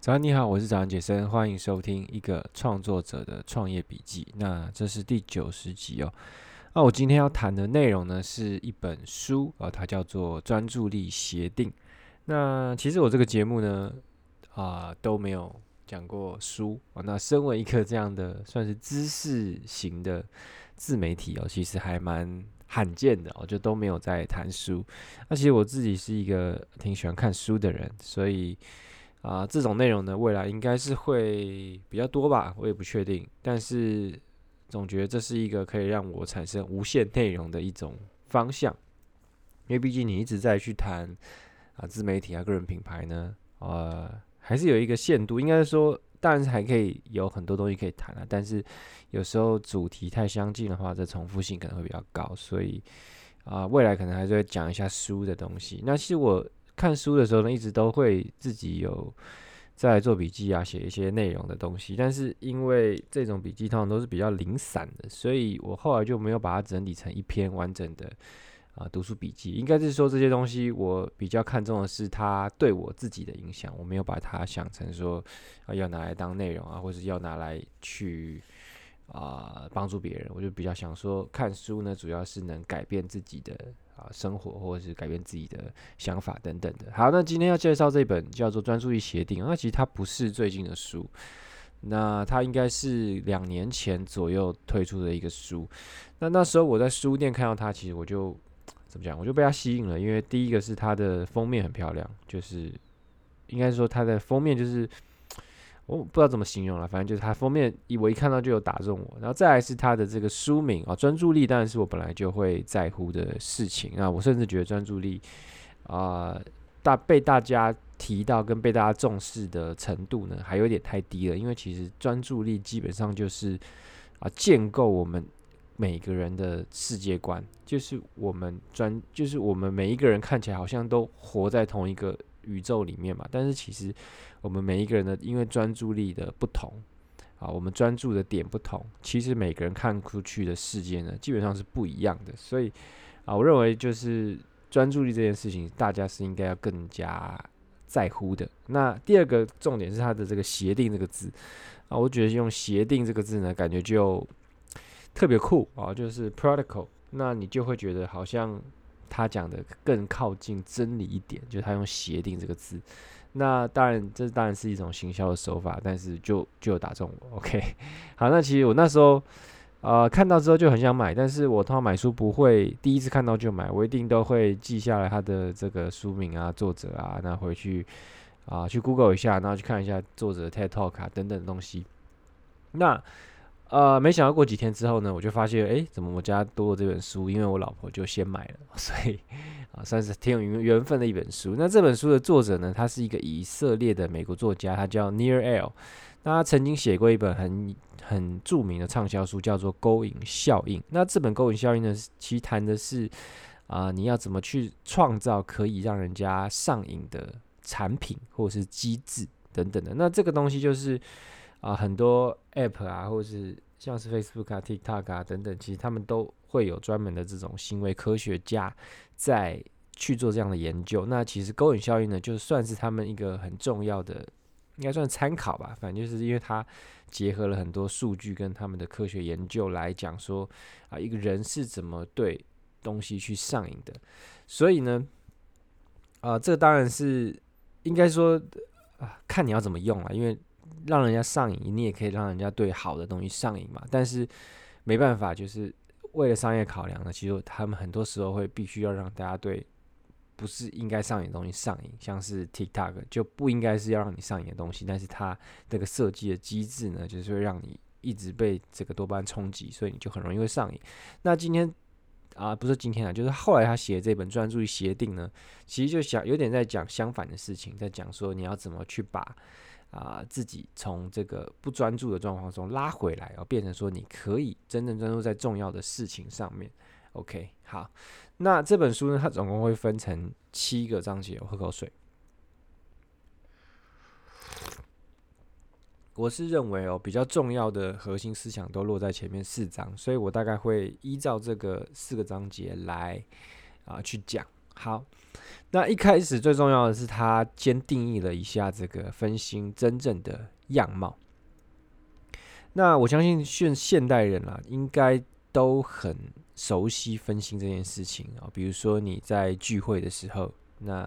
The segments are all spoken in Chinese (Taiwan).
早安你好，我是早安傑森，歡迎收聽一個創作者的創業筆記。那這是第九十集哦、啊。那我今天要談的內容呢，是一本書啊，它叫做《專注力協定》。那其實我這個節目呢，啊都沒有講過書、啊、那身為一個這樣的算是知識型的自媒體哦，其實還蠻罕見的哦，就都沒有在談書、啊。那其實我自己是一個挺喜歡看書的人，所以。啊、呃，這種內容呢，未來應該是會比較多吧，我也不確定。但是，總覺得這是一個可以讓我產生無限內容的一種方向，因為畢竟你一直在去談啊、呃、自媒體啊，個人品牌呢，呃，還是有一個限度。應該是說，當然還可以有很多東西可以談啊，但是有時候主題太相近的話，這重複性可能會比較高。所以，啊、呃，未來可能還是會講一下書的東西。那其實我。看書的時候呢，一直都會自己有在做筆記啊，寫一些內容的東西。但是因為這種筆記通常都是比較零散的，所以我後來就沒有把它整理成一篇完整的啊、呃、讀書筆記。應該是說這些東西，我比較看重的是它對我自己的影響。我沒有把它想成說啊要拿來當內容啊，或者要拿來去啊幫、呃、助別人。我就比較想說，看書呢，主要是能改變自己的。啊，生活或者是改變自己的想法等等的。好，那今天要介紹這本叫做《專注力協定》，嗯，那其實它不是最近的書，那它應該是兩年前左右推出的一個書。那那時候我在書店看到它，其實我就怎麼講，我就被它吸引了，因為第一個是它的封面很漂亮，就是應該說它的封面就是。我不知道怎麼形容了，反正就是它封面，我一看到就有打中我，然後再來是它的這個書名啊，專注力當然是我本來就會在乎的事情啊，我甚至覺得專注力啊、呃，大被大家提到跟被大家重視的程度呢，還有一點太低了，因為其實專注力基本上就是啊，建構我們每個人的世界觀，就是我們專，就是我們每一個人看起來好像都活在同一個。宇宙裡面嘛，但是其實我們每一個人呢，因為專注力的不同啊，我們專注的點不同，其實每個人看出去的世界呢，基本上是不一樣的。所以啊，我認為就是專注力這件事情，大家是應該要更加在乎的。那第二個重點是它的這個協定這個字啊，我覺得用協定這個字呢，感覺就特別酷啊，就是 protocol，那你就會覺得好像。他講的更靠近真理一點，就是他用協定這個字，那當然，這當然是一種行銷的手法，但是就就有打中我。OK，好，那其實我那時候啊、呃、看到之後就很想買，但是我通常買書不會第一次看到就買，我一定都會記下來他的這個書名啊、作者啊，那回去啊、呃、去 Google 一下，然後去看一下作者的 TED Talk 啊等等的東西。那。呃，沒想到過幾天之後呢，我就發現，哎，怎麼我家多了這本書？因為我老婆就先買了，所以啊，算是挺有緣分的一本書。那這本書的作者呢，他是一個以色列的美國作家，他叫 Nir Eyal。那他曾經寫過一本很很著名的暢銷書，叫做《勾引效應》。那這本《勾引效應》呢，其實談的是啊、呃，你要怎麼去創造可以讓人家上癮的產品或者是機制等等的。那這個東西就是。啊、呃，很多 app 啊，或是像是 Facebook 啊、TikTok 啊等等，其實他們都會有專門的這種行為科學家在去做這樣的研究。那其實勾引效應呢，就算是他們一個很重要的，應該算參考吧。反正就是因為他結合了很多數據跟他們的科學研究來講說，說、呃、啊，一個人是怎麼對東西去上癮的。所以呢，啊、呃，這個、當然是應該說啊、呃，看你要怎麼用了，因為。讓人家上癮，你也可以讓人家對好的東西上癮嘛。但是沒辦法，就是為了商業考量呢，其實他們很多時候會必須要讓大家對不是應該上癮的東西上癮，像是 TikTok 就不應該是要讓你上癮的東西，但是它這個設計的機制呢，就是會讓你一直被這個多巴胺衝擊，所以你就很容易會上癮。那今天啊，不是今天啊，就是後來他寫的這本專注力協定呢，其實就想有點在講相反的事情，在講說你要怎麼去把。啊，自己從這個不專注的狀況中拉回來，哦，然後變成說你可以真正專注在重要的事情上面。OK，好，那這本書呢，它總共會分成七個章節。我喝口水，我是認為哦，比較重要的核心思想都落在前面四章，所以我大概會依照這個四個章節來啊去講。好。那一開始最重要的是，他先定義了一下這個分心真正的樣貌。那我相信現現代人啊，應該都很熟悉分心這件事情啊、哦。比如說你在聚會的時候，那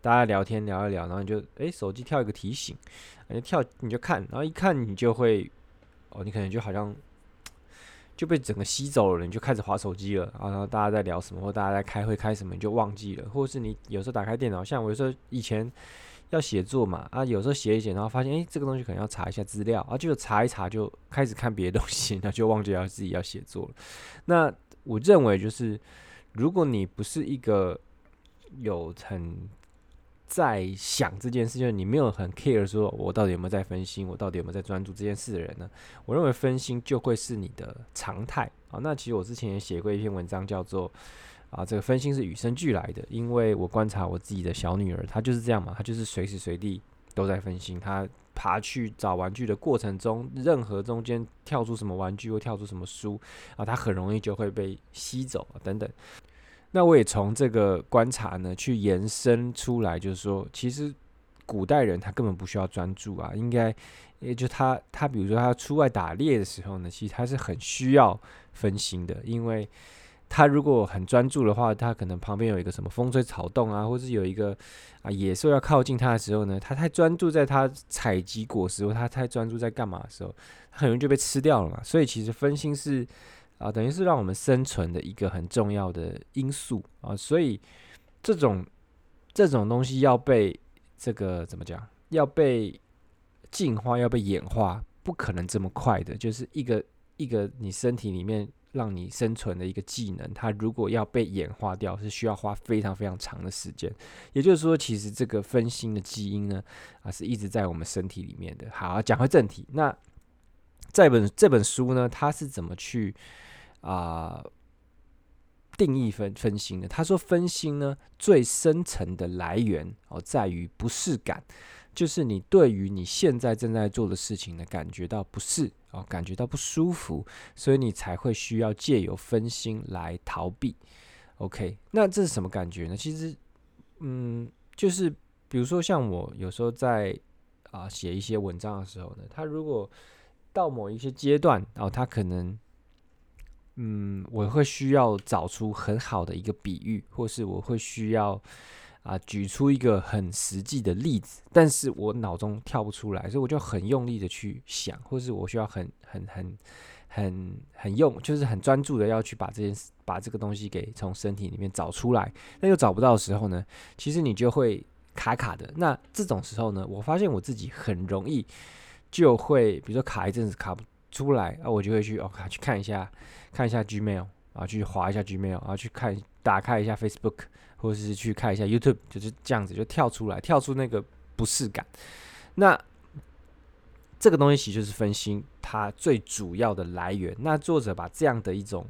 大家聊天聊一聊，然後你就誒、欸、手機跳一個提醒，你就跳你就看，然後一看你就會，哦，你可能就好像。就被整個吸走了，你就開始滑手機了，然後大家在聊什麼，或大家在開會開什麼，你就忘記了，或者是你有時候打開電腦，像我有時候以前要寫作嘛，啊，有時候寫一寫，然後發現誒，這個東西可能要查一下資料，啊，就查一查就開始看別的東西，然後就忘記要自己要寫作了。那我認為就是，如果你不是一個有很在想這件事，就是你沒有很 care，說我到底有沒有在分心，我到底有沒有在專注這件事的人呢？我認為分心就會是你的常態啊。那其實我之前也寫過一篇文章，叫做啊，這個分心是與生俱來的，因為我觀察我自己的小女兒，她就是這樣嘛，她就是隨時隨地都在分心。她爬去找玩具的過程中，任何中間跳出什麼玩具或跳出什麼書啊，她很容易就會被吸走等等。那我也從這個觀察呢，去延伸出來，就是說，其實古代人他根本不需要專注啊，應該也就他他，比如說他要出外打獵的時候呢，其實他是很需要分心的，因為他如果很專注的話，他可能旁邊有一個什麼風吹草動啊，或是有一個啊野獸要靠近他的時候呢，他太專注在他採集果實或他太專注在幹嘛的時候，他很容易就被吃掉了嘛，所以其實分心是。啊，等於是讓我們生存的一個很重要的因素啊，所以這種這種東西要被這個怎麼講？要被進化，要被演化，不可能這麼快的。就是一個一個你身體裡面讓你生存的一個技能，它如果要被演化掉，是需要花非常非常長的時間。也就是說，其實這個分心的基因呢，啊，是一直在我們身體裡面的。好，講回正題，那這本這本書呢，它是怎麼去？啊、呃，定義分分心的，他說分心呢，最深層的來源哦，在於不適感，就是你對於你現在正在做的事情呢，感覺到不適哦，感覺到不舒服，所以你才會需要借由分心來逃避。OK，那這是什麼感覺呢？其實，嗯，就是比如說像我有時候在啊、呃、寫一些文章的時候呢，他如果到某一些階段哦，他可能。嗯，我會需要找出很好的一個比喻，或是我會需要啊舉出一個很實際的例子，但是我腦中跳不出來，所以我就很用力的去想，或是我需要很很很很很用，就是很專注的要去把這件事把這個東西給從身體裡面找出來，那又找不到的時候呢，其實你就會卡卡的。那這種時候呢，我發現我自己很容易就會，比如說卡一陣子卡不出來，啊，我就會去哦卡去看一下。看一下 Gmail，然後去滑一下 Gmail，然後去看打開一下 Facebook，或者是去看一下 YouTube，就是這樣子就跳出來，跳出那個不適感。那這個東西其實就是分心，它最主要的來源。那作者把這樣的一種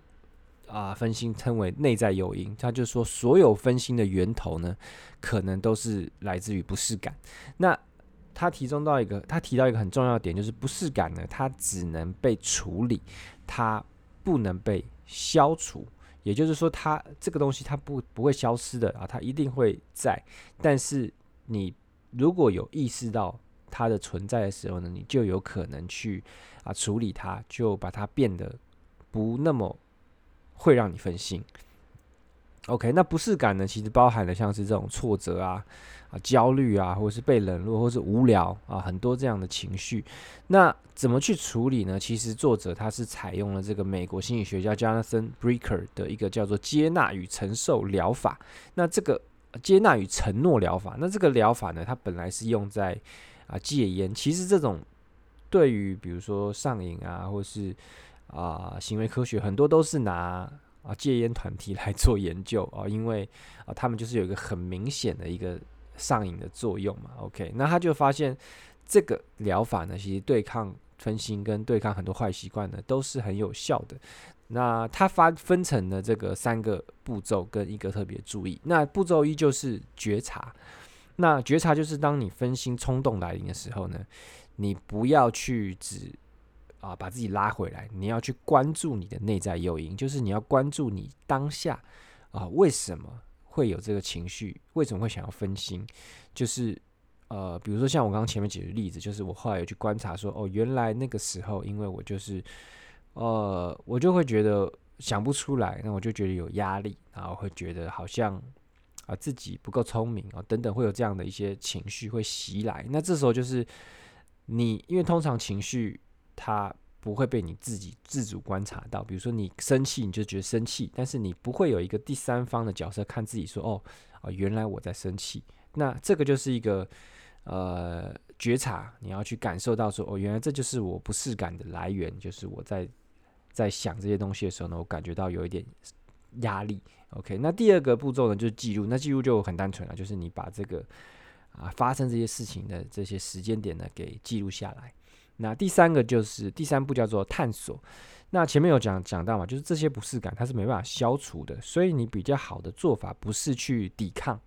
啊、呃、分心稱為內在誘因，他就是說所有分心的源頭呢，可能都是來自於不適感。那他提中到一個，他提到一個很重要的點，就是不適感呢，它只能被處理它。不能被消除，也就是說它、它這個東西它不不會消失的啊，它一定會在。但是你如果有意識到它的存在的時候呢，你就有可能去啊處理它，就把它變得不那麼會讓你分心。OK，那不適感呢，其實包含了像是這種挫折啊。啊，焦慮啊，或是被冷落，或是無聊啊，很多這樣的情緒，那怎麼去處理呢？其實作者他是採用了這個美國心理學家 Jonathan Bricker 的一個叫做接納與承受療法。那這個接納與承諾療法，那這個療法呢，它本來是用在啊戒煙。其實這種對於比如說上癮啊，或是啊、呃、行為科學，很多都是拿啊戒煙團體來做研究啊、呃，因為啊他們就是有一個很明顯的一個，上癮的作用嘛，OK，那他就發現這個療法呢，其實對抗分心跟對抗很多壞習慣呢，都是很有效的。那他發分成了這個三個步驟跟一個特別注意。那步驟一就是覺察，那覺察就是當你分心衝動來臨的時候呢，你不要去止啊把自己拉回來，你要去關注你的內在誘因，就是你要關注你當下啊為什麼。會有這個情緒，為什麼會想要分心？就是，呃，比如說像我剛剛前面舉的例子，就是我後來有去觀察說，哦，原來那個時候，因為我就是，呃，我就會覺得想不出來，那我就覺得有壓力，然後會覺得好像啊，呃，自己不夠聰明啊，哦，等等，會有這樣的一些情緒會襲來。那這時候就是你，因為通常情緒它。不會被你自己自主觀察到，比如說你生氣，你就覺得生氣，但是你不會有一個第三方的角色看自己說哦，哦，原來我在生氣。那這個就是一個呃覺察，你要去感受到說哦，原來這就是我不適感的來源，就是我在在想這些東西的時候呢，我感覺到有一點壓力。OK，那第二個步驟呢就是記錄，那記錄就很單純了，就是你把這個啊發生這些事情的這些時間點呢給記錄下來。那第三個就是第三步叫做探索。那前面有講講到嘛，就是這些不適感它是沒辦法消除的，所以你比較好的做法不是去抵抗，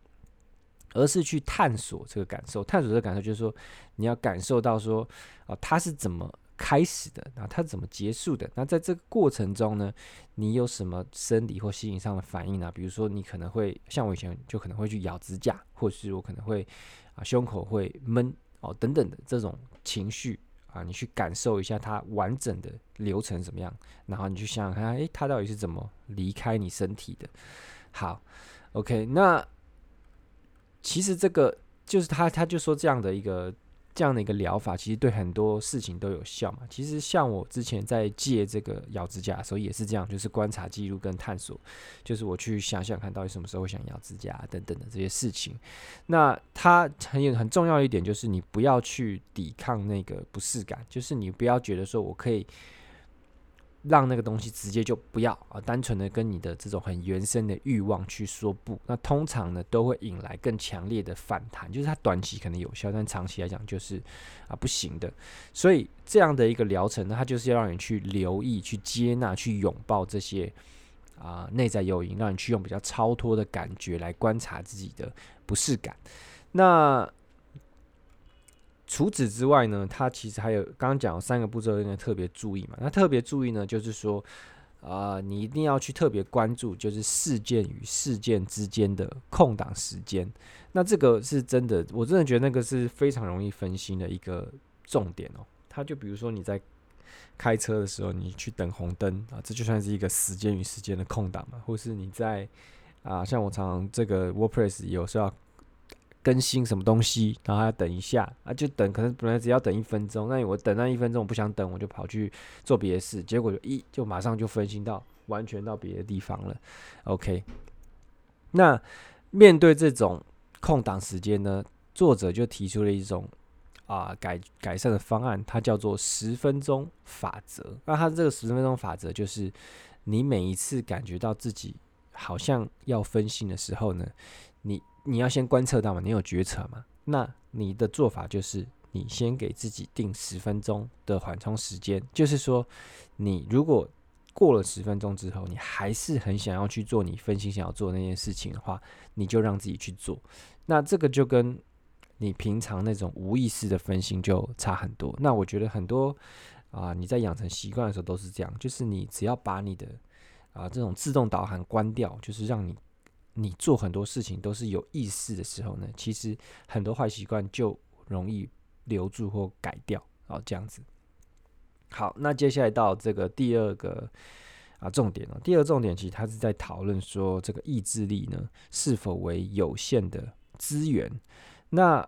而是去探索這個感受。探索這個感受就是說，你要感受到說，啊、哦，它是怎麼開始的，那它怎麼結束的？那在這個過程中呢，你有什麼生理或心理上的反應呢、啊？比如說，你可能會像我以前就可能會去咬指甲，或者是我可能會啊胸口會悶哦等等的這種情緒。啊，你去感受一下它完整的流程怎麼樣，然後你去想想看看，哎，它到底是怎麼離開你身體的？好，OK，那其實這個就是他，他就說這樣的一個。這樣的一個療法其實對很多事情都有效嘛。其實像我之前在戒這個咬指甲的時候也是這樣，就是觀察記錄跟探索，就是我去想想看到底什麼時候會想咬指甲啊等等的這些事情。那它很有很重要一點就是你不要去抵抗那個不適感，就是你不要覺得說我可以。讓那個東西直接就不要啊、呃，單純的跟你的這種很原生的慾望去說不，那通常呢都會引來更強烈的反彈，就是它短期可能有效，但長期來講就是啊、呃、不行的。所以這樣的一個療程呢，它就是要讓你去留意、去接納、去擁抱這些啊、呃、內在誘因，讓你去用比較超脫的感覺來觀察自己的不適感。那除此之外呢，它其實還有剛剛講三個步驟應該特別注意嘛。那特別注意呢，就是說，啊、呃，你一定要去特別關注，就是事件與事件之間的空檔時間。那這個是真的，我真的覺得那個是非常容易分心的一個重點哦、喔。它就比如說你在開車的時候，你去等紅燈啊，這就算是一個時間與時間的空檔嘛。或是你在啊，像我常，常這個 WordPress 有時候要。更新什麼東西，然後要等一下啊，就等可能本來只要等一分鐘，那我等那一分鐘，我不想等，我就跑去做別的事，結果就一就馬上就分心到完全到別的地方了。OK，那面對這種空檔時間呢，作者就提出了一種啊改改善的方案，它叫做十分鐘法則。那它這個十分鐘法則就是，你每一次感覺到自己好像要分心的時候呢，你。你要先觀測到嘛？你有覺察嘛？那你的做法就是，你先給自己定十分鐘的緩衝時間，就是說，你如果過了十分鐘之後，你還是很想要去做你分心想要做那件事情的話，你就讓自己去做。那這個就跟你平常那種無意識的分心就差很多。那我覺得很多啊，你在養成習慣的時候都是這樣，就是你只要把你的啊這種自動導航關掉，就是讓你。你做很多事情都是有意識的時候呢，其實很多壞習慣就容易留住或改掉哦，這樣子。好，那接下來到這個第二個啊重點了、哦。第二個重點其實它是在討論說這個意志力呢是否為有限的資源。那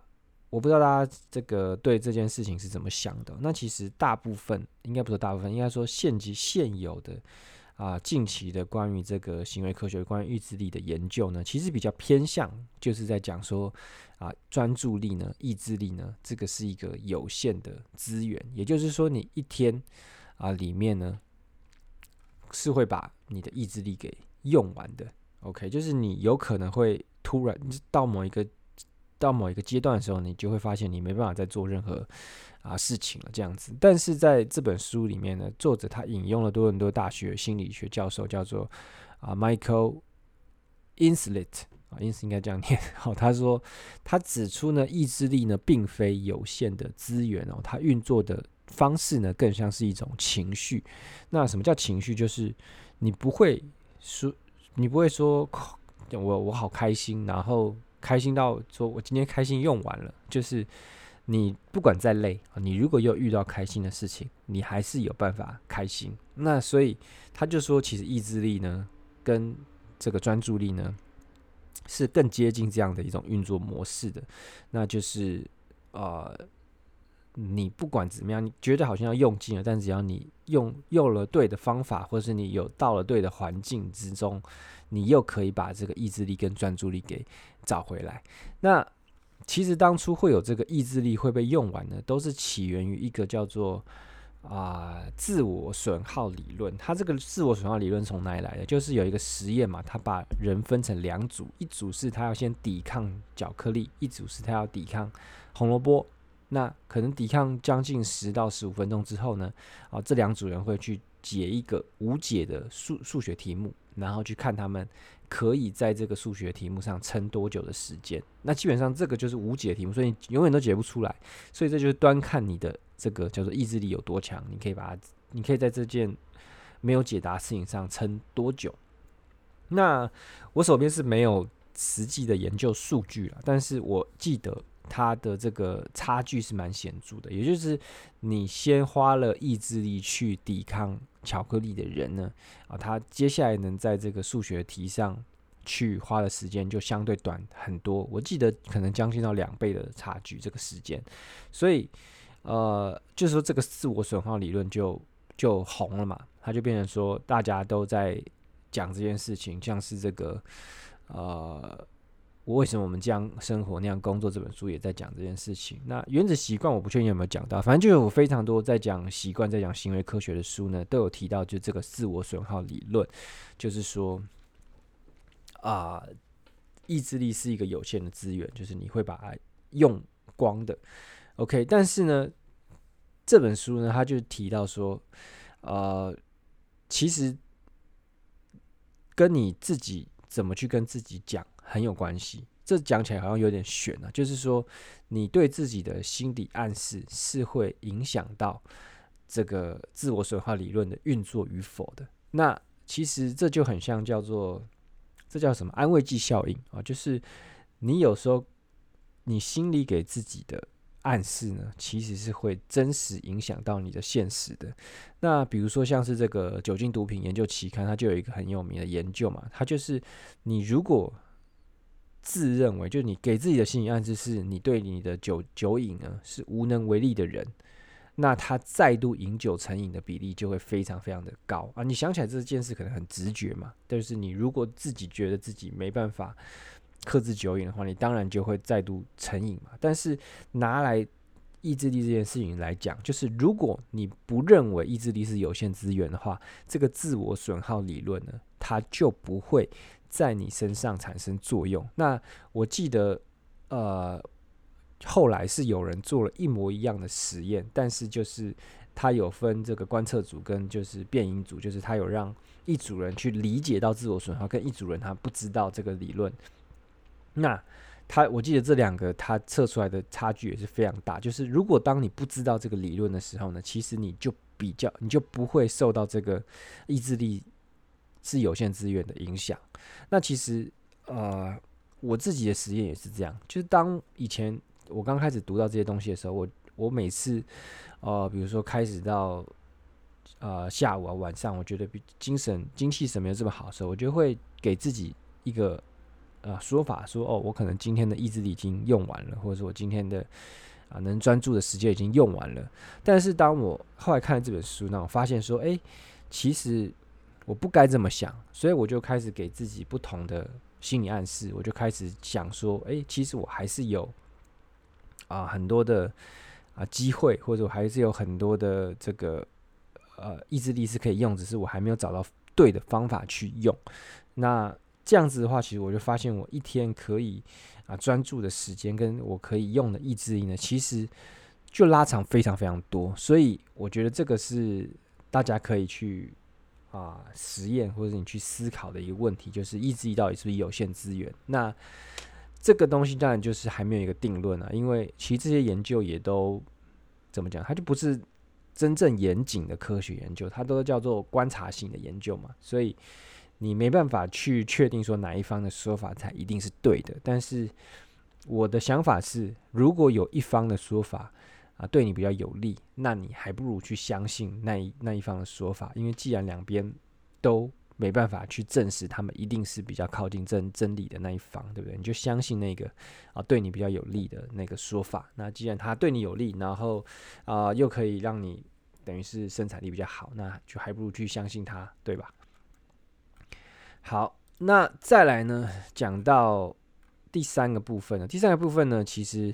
我不知道大家這個對這件事情是怎麼想的？那其實大部分應該不是大部分，應該說現及現有的。啊，近期的關於這個行為科學、關於意志力的研究呢，其實比較偏向就是在講說，啊，專注力呢、意志力呢，這個是一個有限的資源，也就是說，你一天啊裡面呢，是會把你的意志力給用完的。OK，就是你有可能會突然，你到某一個。到某一個階段的時候，你就會發現你沒辦法再做任何啊事情了，這樣子。但是在這本書裡面呢，作者他引用了多倫多大學心理學教授，叫做啊 Michael Inslet 啊 Inslet 應該這樣念。好、哦，他說他指出呢，意志力呢並非有限的資源哦，它運作的方式呢，更像是一種情緒。那什麼叫情緒？就是你不會說，你不會說我我好開心，然後。開心到說我今天開心用完了，就是你不管再累，你如果又遇到開心的事情，你還是有辦法開心。那所以他就說，其實意志力呢，跟這個專注力呢，是更接近這樣的一種運作模式的，那就是啊、呃。你不管怎麼樣，你覺得好像要用盡了，但只要你用用了對的方法，或者是你有到了對的環境之中，你又可以把這個意志力跟專注力給找回來。那其實當初會有這個意志力會被用完呢，都是起源於一個叫做啊、呃、自我損耗理論。它這個自我損耗理論從哪裡來的？就是有一個實驗嘛，他把人分成兩組，一組是他要先抵抗巧克力，一組是他要抵抗紅蘿蔔。那可能抵抗將近十到十五分鐘之後呢，啊，這兩組人會去解一個無解的數數學題目，然後去看他們可以在這個數學題目上撐多久的時間。那基本上這個就是無解題目，所以你永遠都解不出來。所以這就是端看你的這個叫做意志力有多強，你可以把它，你可以在這件沒有解答事情上撐多久。那我手邊是沒有實際的研究數據了，但是我記得。他的這個差距是蠻顯著的，也就是你先花了意志力去抵抗巧克力的人呢，啊，他接下來能在這個數學題上去花的時間就相對短很多。我記得可能將近到兩倍的差距這個時間，所以呃，就是說這個自我損耗理論就就紅了嘛，他就變成說大家都在講這件事情，像是這個呃。我為什麼我們這樣生活那樣工作？這本書也在講這件事情。那《原子習慣》我不確定有沒有講到，反正就有非常多在講習慣、在講行為科學的書呢，都有提到就這個自我損耗理論，就是說，啊、呃，意志力是一個有限的資源，就是你會把它用光的。OK，但是呢，這本書呢，它就提到說，呃，其實跟你自己怎麼去跟自己講。很有關係，這講起來好像有點玄啊。就是說，你對自己的心理暗示是會影響到這個自我損耗理論的運作與否的。那其實這就很像叫做這叫什麼安慰劑效應啊？就是你有時候你心裡給自己的暗示呢，其實是會真實影響到你的現實的。那比如說像是這個酒精毒品研究期刊，它就有一個很有名的研究嘛，它就是你如果自認為就是你給自己的心理暗示，是你對你的酒酒癮呢是無能為力的人，那他再度飲酒成癮的比例就會非常非常的高啊！你想起來這件事可能很直覺嘛，但是你如果自己覺得自己沒辦法克制酒癮的話，你當然就會再度成癮嘛。但是拿來意志力這件事情來講，就是如果你不認為意志力是有限資源的話，這個自我損耗理論呢，它就不會。在你身上產生作用。那我記得，呃，後來是有人做了一模一樣的實驗，但是就是他有分這個觀測組跟就是變因組，就是他有讓一組人去理解到自我損耗，跟一組人他不知道這個理論。那他我記得這兩個他測出來的差距也是非常大。就是如果當你不知道這個理論的時候呢，其實你就比較，你就不會受到這個意志力，是有限資源的影響。那其實，呃，我自己的實驗也是這樣。就是當以前我剛開始讀到這些東西的時候，我我每次，呃，比如說開始到，呃，下午啊，晚上，我覺得比精神精氣神沒有這麼好的時候，我就會給自己一個，呃，說法說，哦，我可能今天的意志力已經用完了，或者說我今天的，啊、呃，能專注的時間已經用完了。但是當我後來看了這本書，那我發現說，哎、欸，其實。我不該這麼想，所以我就開始給自己不同的心理暗示。我就開始想說，誒，其實我還是有啊、呃、很多的啊、呃、機會，或者我還是有很多的這個呃意志力是可以用，只是我還沒有找到對的方法去用。那這樣子的話，其實我就發現，我一天可以啊、呃、專注的時間，跟我可以用的意志力呢，其實就拉長非常非常多。所以我覺得這個是大家可以去。啊，實驗或者你去思考的一個問題，就是意志力到底是不是有限資源？那這個東西當然就是還沒有一個定論啊，因為其實這些研究也都怎麼講，它就不是真正嚴謹的科學研究，它都叫做觀察性的研究嘛，所以你沒辦法去確定說哪一方的說法才一定是對的。但是我的想法是，如果有一方的說法。啊，對你比較有利，那你還不如去相信那一那一方的說法，因為既然兩邊都沒辦法去證實，他們一定是比較靠近真真理的那一方，對不對？你就相信那個啊，對你比較有利的那個說法。那既然他對你有利，然後啊、呃，又可以讓你等於是生產力比較好，那就還不如去相信他，對吧？好，那再來呢，講到第三個部分了。第三個部分呢，其實。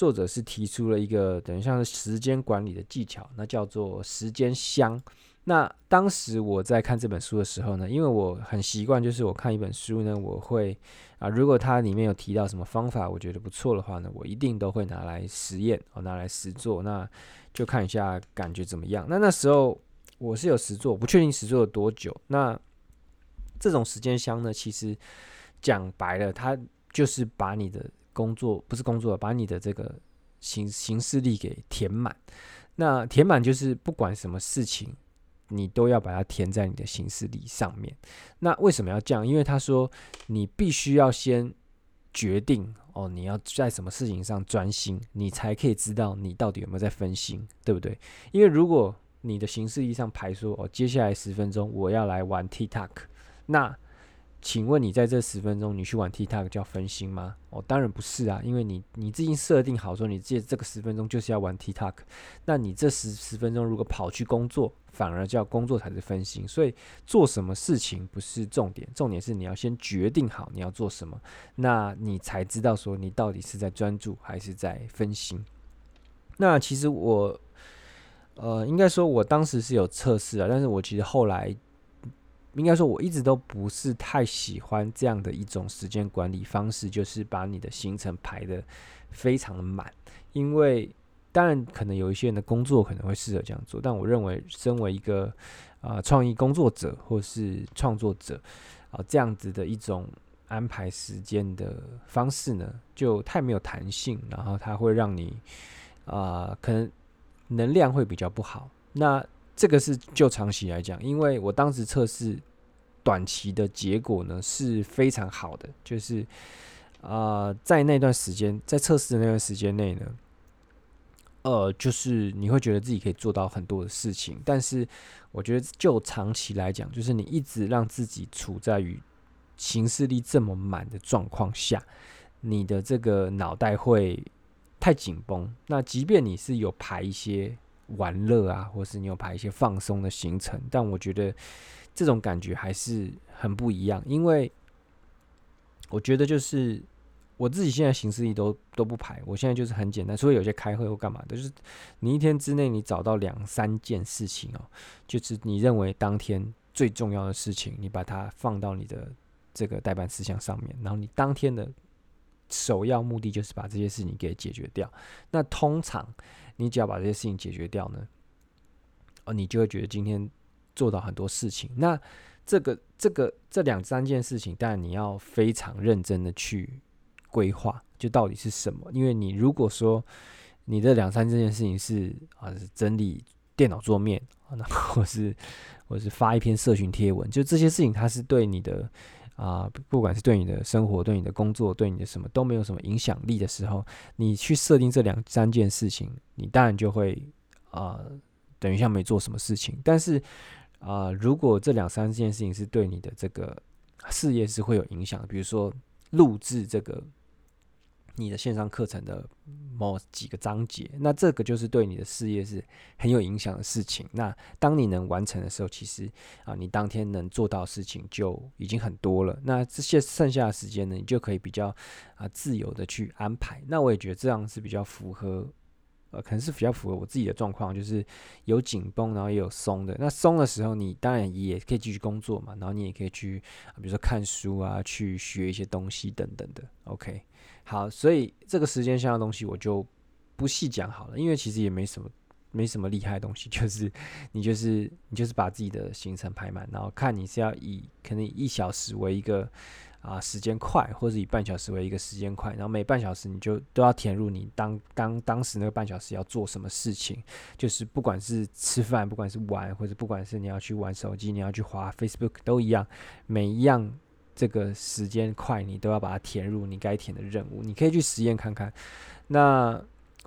作者是提出了一個等於像是時間管理的技巧，那叫做時間箱。那當時我在看這本書的時候呢，因為我很習慣，就是我看一本書呢，我會啊，如果它裡面有提到什麼方法，我覺得不錯的話呢，我一定都會拿來實驗，啊、哦，拿來實做，那就看一下感覺怎麼樣。那那時候我是有實做，不確定實做了多久。那這種時間箱呢，其實講白了，它就是把你的。工作不是工作，把你的這個行行事曆給填滿。那填滿就是不管什麼事情，你都要把它填在你的行事曆上面。那為什麼要這樣？因為他說你必須要先決定哦，你要在什麼事情上專心，你才可以知道你到底有沒有在分心，對不對？因為如果你的行事曆上排說哦，接下來十分鐘我要來玩 TikTok，那。請問你在這十分鐘，你去玩 TikTok 叫分心嗎？哦，當然不是啊，因為你你已經設定好說，你藉這個十分鐘就是要玩 TikTok，那你這十十分鐘如果跑去工作，反而叫工作才是分心。所以做什麼事情不是重點，重點是你要先決定好你要做什麼，那你才知道說你到底是在專注還是在分心。那其實我，呃，應該說我當時是有測試啊，但是我其實後來。應該說，我一直都不是太喜歡這樣的一種時間管理方式，就是把你的行程排得非常的滿。因為當然，可能有一些人的工作可能會適合這樣做，但我認為，身為一個啊、呃、創意工作者或是創作者啊這樣子的一種安排時間的方式呢，就太沒有彈性，然後它會讓你啊、呃、可能能量會比較不好。那這個是就長期來講，因為我當時測試短期的結果呢是非常好的，就是啊、呃，在那段時間，在測試的那段時間內呢，呃，就是你會覺得自己可以做到很多的事情，但是我覺得就長期來講，就是你一直讓自己處在於行事曆這麼滿的狀況下，你的這個腦袋會太緊繃，那即便你是有排一些。玩樂啊，或是你有排一些放鬆的行程，但我覺得這種感覺還是很不一樣，因為我覺得就是我自己現在行事曆都都不排，我現在就是很簡單，除非有些開會或幹嘛的，就是你一天之內你找到兩三件事情哦，就是你認為當天最重要的事情，你把它放到你的這個代辦事項上面，然後你當天的首要目的就是把這些事情給解決掉。那通常。你只要把這些事情解決掉呢，哦，你就會覺得今天做到很多事情。那這個、這個、這兩三件事情，當然你要非常認真的去規劃，就到底是什麼？因為你如果說你這兩三件事情是啊，是整理電腦桌面啊，那或是或是發一篇社群貼文，就這些事情，它是對你的。啊、呃，不管是對你的生活、對你的工作、對你的什麼都沒有什麼影響力的時候，你去設定這兩三件事情，你當然就會啊、呃，等於像沒做什麼事情。但是啊、呃，如果這兩三件事情是對你的這個事業是會有影響的，比如說錄製這個。你的線上課程的某幾個章節，那這個就是對你的事業是很有影響的事情。那當你能完成的時候，其實啊，你當天能做到的事情就已經很多了。那這些剩下的時間呢，你就可以比較啊自由的去安排。那我也覺得這樣是比較符合，呃、啊，可能是比較符合我自己的狀況，就是有緊繃，然後也有鬆的。那鬆的時候，你當然也可以繼續工作嘛，然後你也可以去，比如說看書啊，去學一些東西等等的。OK。好，所以這個時間上的東西我就不細講好了，因為其實也沒什麼，沒什麼厲害的東西，就是你就是你就是把自己的行程排滿，然後看你是要以可能一小時為一個啊、呃、時間塊，或是以半小時為一個時間塊。然後每半小時你就都要填入你當當當時那個半小時要做什麼事情，就是不管是吃飯，不管是玩，或者不管是你要去玩手機，你要去滑 Facebook 都一樣，每一樣，這個時間塊，你都要把它填入你該填的任務。你可以去實驗看看。那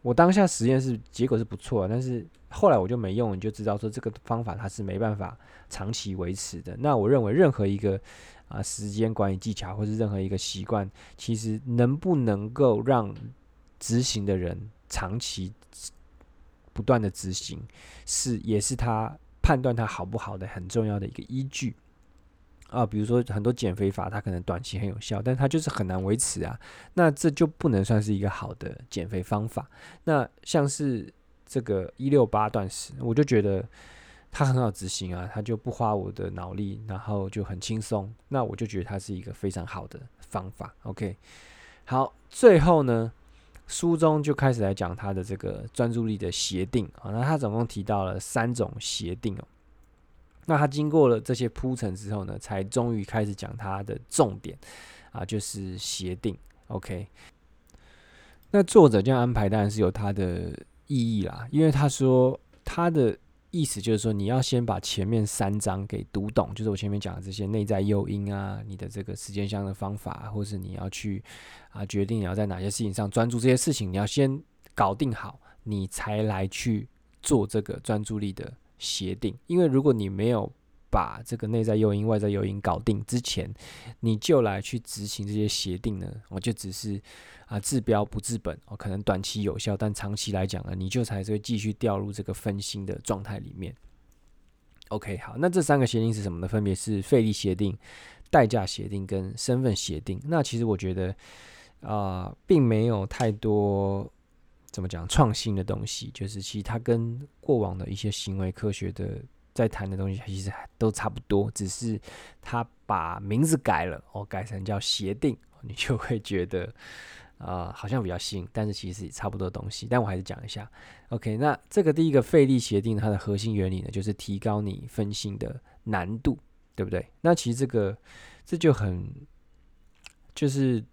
我當下實驗是結果是不錯，但是後來我就沒用，你就知道說這個方法它是沒辦法長期維持的。那我認為任何一個啊、呃、時間管理技巧或是任何一個習慣，其實能不能夠讓執行的人長期不斷的執行，是也是他判斷他好不好的很重要的一個依據。啊，比如說很多減肥法，它可能短期很有效，但它就是很難維持啊。那這就不能算是一個好的減肥方法。那像是這個一六八斷食，我就覺得它很好執行啊，它就不花我的腦力，然後就很輕鬆。那我就覺得它是一個非常好的方法。OK，好，最後呢，書中就開始來講它的這個專注力的協定啊。那他總共提到了三種協定哦。那他經過了這些鋪陳之後呢，才終於開始講他的重點啊，就是協定。OK，那作者這樣安排當然是有他的意義啦，因為他說他的意思就是說，你要先把前面三章給讀懂，就是我前面講的這些內在誘因啊，你的這個時間箱的方法，或是你要去啊決定你要在哪些事情上專注，這些事情你要先搞定好，你才來去做這個專注力的協定，因為如果你沒有把這個內在誘因、外在誘因搞定之前，你就來去執行這些協定呢，我、哦、就只是啊、呃、治標不治本、哦，可能短期有效，但長期來講呢，你就還是會繼續掉入這個分心的狀態裡面。OK，好，那這三個協定是什麼呢？分別是費力協定、代價協定跟身份協定。那其實我覺得啊、呃，並沒有太多。怎麼講創新的東西，就是其實它跟過往的一些行為科學的在談的東西其實都差不多，只是他把名字改了，哦，改成叫協定，你就會覺得啊、呃，好像比較新，但是其實也差不多東西。但我還是講一下，OK，那這個第一個費力協定它的核心原理呢，就是提高你分心的難度，對不對？那其實這個這就很就是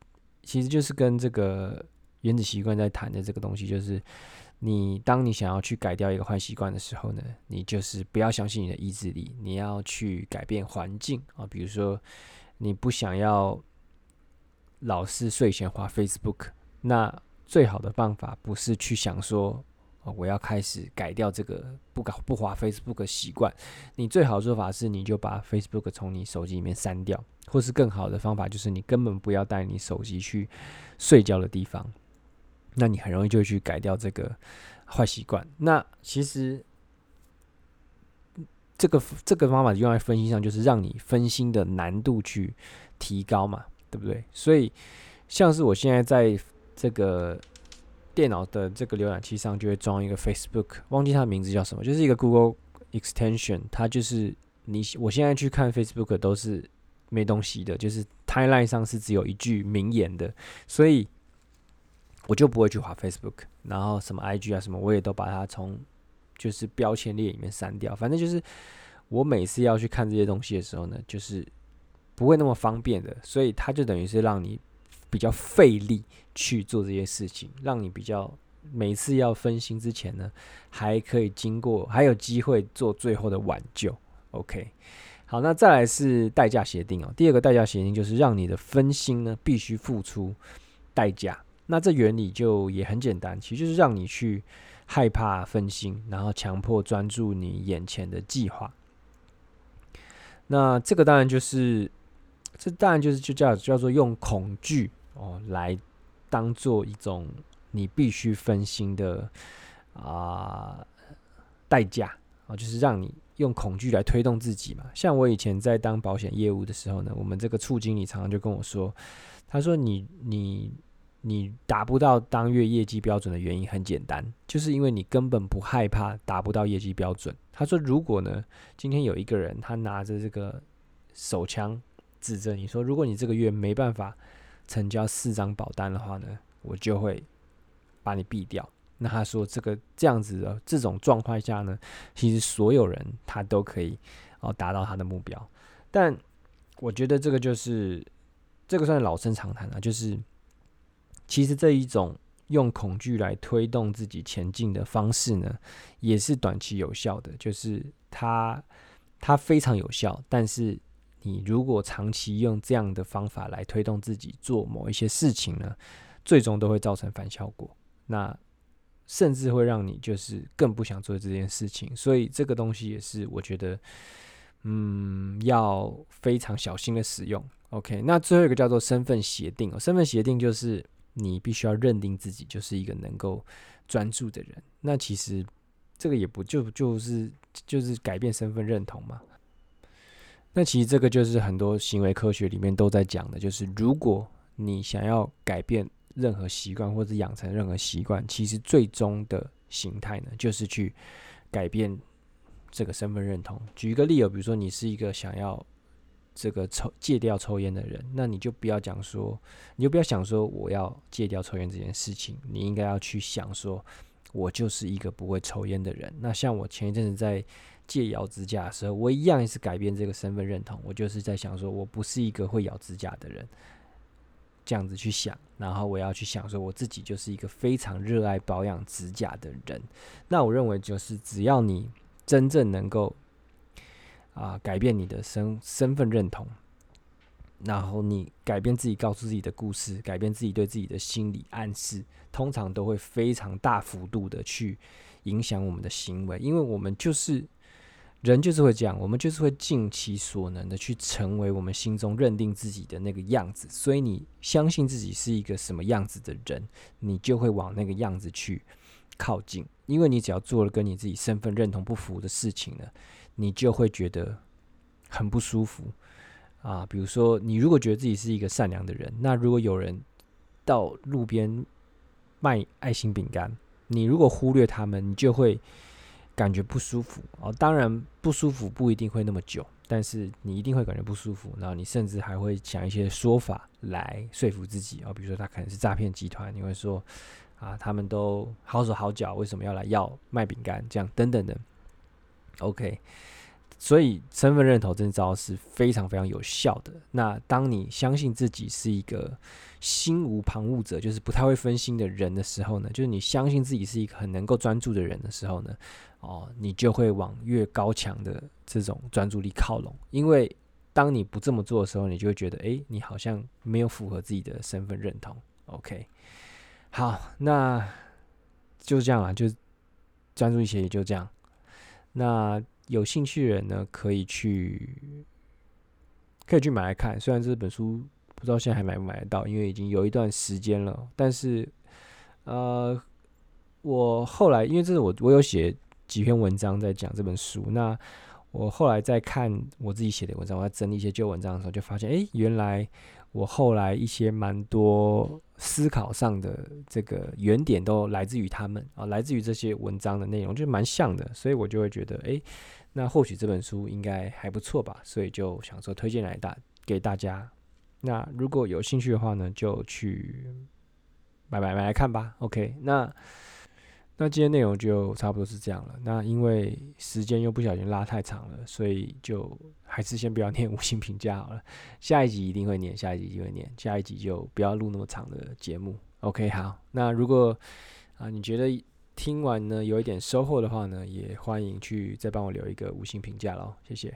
其實就是跟這個。原子習慣在談的這個東西，就是你當你想要去改掉一個壞習慣的時候呢，你就是不要相信你的意志力，你要去改變環境啊。比如說，你不想要老是睡前滑 Facebook，那最好的辦法不是去想說我要開始改掉這個不搞不滑 Facebook 的習慣，你最好的做法是你就把 Facebook 從你手機裡面刪掉，或是更好的方法就是你根本不要帶你手機去睡覺的地方。那你很容易就會去改掉這個壞習慣。那其實這個這個方法用在分心上，就是讓你分心的難度去提高嘛，對不對？所以像是我現在在這個電腦的這個瀏覽器上，就會裝一個 Facebook，忘記它的名字叫什麼，就是一個 Google Extension。它就是你，我現在去看 Facebook 都是沒東西的，就是 timeline 上是只有一句名言的，所以。我就不會去滑 Facebook，然後什麼 IG 啊什麼，我也都把它從就是標籤列裡面刪掉。反正就是我每次要去看這些東西的時候呢，就是不會那麼方便的。所以它就等於是讓你比較費力去做這些事情，讓你比較每次要分心之前呢，還可以經過還有機會做最後的挽救。OK，好，那再來是代價協定哦。第二個代價協定就是讓你的分心呢必須付出代價。那這原理就也很簡單，其實就是讓你去害怕分心，然後強迫專注你眼前的計劃。那這個當然就是，這當然就是就叫就叫做用恐懼哦來當做一種你必須分心的啊、呃、代價啊、哦，就是讓你用恐懼來推動自己嘛。像我以前在當保險業務的時候呢，我們這個處經理常常就跟我說，他說你你。你達不到當月業績標準的原因很簡單，就是因為你根本不害怕達不到業績標準。他說：“如果呢，今天有一個人他拿着這個手槍指着你說，如果你這個月沒辦法成交四張保單的話呢，我就會把你斃掉。”那他說這個這樣子的這種狀況下呢，其實所有人他都可以哦達到他的目標。但我覺得這個就是這個算是老生常談了，就是。其實這一種用恐懼來推動自己前進的方式呢，也是短期有效的，就是它它非常有效。但是你如果長期用這樣的方法來推動自己做某一些事情呢，最終都會造成反效果，那甚至會讓你就是更不想做這件事情。所以這個東西也是我覺得，嗯，要非常小心的使用。OK，那最後一個叫做身份協定哦，身份協定就是。你必須要認定自己就是一個能夠專注的人。那其實這個也不就就是就是改變身份認同嘛。那其實這個就是很多行為科學裡面都在講的，就是如果你想要改變任何習慣，或者養成任何習慣，其實最終的形態呢，就是去改變這個身份認同。舉一個例子，比如說你是一個想要。這個抽戒掉抽煙的人，那你就不要講說，你就不要想說我要戒掉抽煙這件事情，你應該要去想說，我就是一個不會抽煙的人。那像我前一陣子在戒咬指甲的時候，我一樣也是改變這個身份認同，我就是在想說我不是一個會咬指甲的人，這樣子去想，然後我要去想說我自己就是一個非常熱愛保養指甲的人。那我認為就是只要你真正能夠。啊，改變你的身身份認同，然後你改變自己，告訴自己的故事，改變自己對自己的心理暗示，通常都會非常大幅度的去影響我們的行為，因為我們就是人，就是會這樣，我們就是會盡其所能的去成為我們心中認定自己的那個樣子。所以，你相信自己是一個什麼樣子的人，你就會往那個樣子去靠近，因為你只要做了跟你自己身份認同不符的事情呢。你就會覺得很不舒服啊，比如說，你如果覺得自己是一個善良的人，那如果有人到路邊賣愛心餅乾，你如果忽略他們，你就會感覺不舒服哦，當然，不舒服不一定會那麼久，但是你一定會感覺不舒服，然後你甚至還會想一些說法來說服自己哦，比如說他可能是詐騙集團，你會說啊，他們都好手好腳，為什麼要來要賣餅乾？這樣等等的。OK，所以身份認同這招是非常非常有效的。那當你相信自己是一個心無旁騖者，就是不太會分心的人的時候呢，就是你相信自己是一個很能夠專注的人的時候呢，哦，你就會往越高強的這種專注力靠攏。因為當你不這麼做的時候，你就會覺得，哎、欸，你好像沒有符合自己的身份認同。OK，好，那就這樣啊，就專注一些，也就這樣。那有興趣的人呢，可以去可以去買來看。雖然這本書不知道現在還買不買得到，因為已經有一段時間了。但是，呃，我後來因為這是我我有寫幾篇文章在講這本書。那我後來在看我自己寫的文章，我在整理一些舊文章的時候，就發現，哎，原來。我後來一些蠻多思考上的這個原點都來自於他們啊，來自於這些文章的內容，就蠻像的，所以我就會覺得，誒，那或許這本書應該還不錯吧，所以就想說推薦來大給大家。那如果有興趣的話呢，就去買買買來看吧。OK，那。那今天內容就差不多是這樣了。那因為時間又不小心拉太長了，所以就還是先不要念五星評價好了。下一集一定會念，下一集一定會念，下一集就不要錄那麼長的節目。OK，好。那如果啊你覺得聽完呢有一點收穫的話呢，也歡迎去再幫我留一個五星評價咯。謝謝。